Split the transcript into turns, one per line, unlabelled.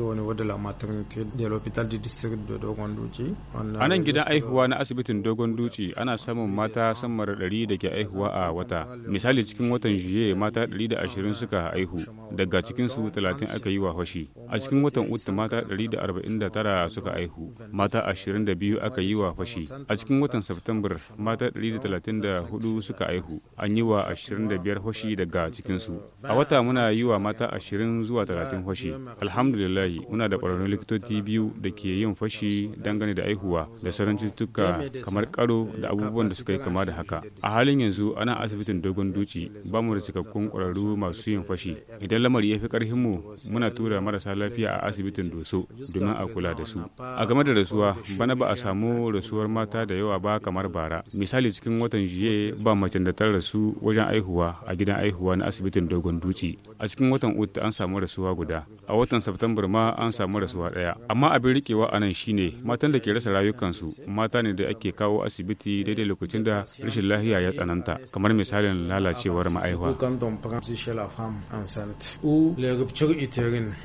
au niveau wadda la maternité de l'hôpital du district de Dogon Duci. A nan gidan aihuwa na asibitin Dogon Duci ana samun mata samar dari da ke aihuwa a wata. Misali cikin watan Juye mata 120 suka aihu daga cikin su 30 aka yi wa hoshi. A cikin watan Uta mata 149 suka aihu, mata 22 aka yi wa hoshi. A cikin watan Septembar mata 134 suka aihu, an yi wa 25 hoshi daga cikin su. A wata muna yi wa mata 20 zuwa 30 hoshi. Alhamdulillah muna da ƙwararrun likitoci biyu da ke yin fashi dangane da aihuwa da sauran cututtuka kamar karo da abubuwan da suka yi kama da haka a halin yanzu ana asibitin dogon duci ba mu da cikakkun ƙwararru masu yin fashi idan lamari ya fi ƙarfin mu muna tura marasa lafiya a asibitin doso domin a kula da su a game da rasuwa bana ba a samu rasuwar mata da yawa ba kamar bara misali cikin watan jiye ba macen da ta rasu wajen aihuwa a gidan aihuwa na asibitin dogon duci a cikin watan ut an samu rasuwa guda a watan september ma an samu rasuwa ɗaya. Amma abin riƙewa a nan shine matan da ke rasa rayukansu mata ne da ake kawo asibiti daidai lokacin da rashin lafiya ya tsananta kamar misalin lalacewar ma'aihuwa.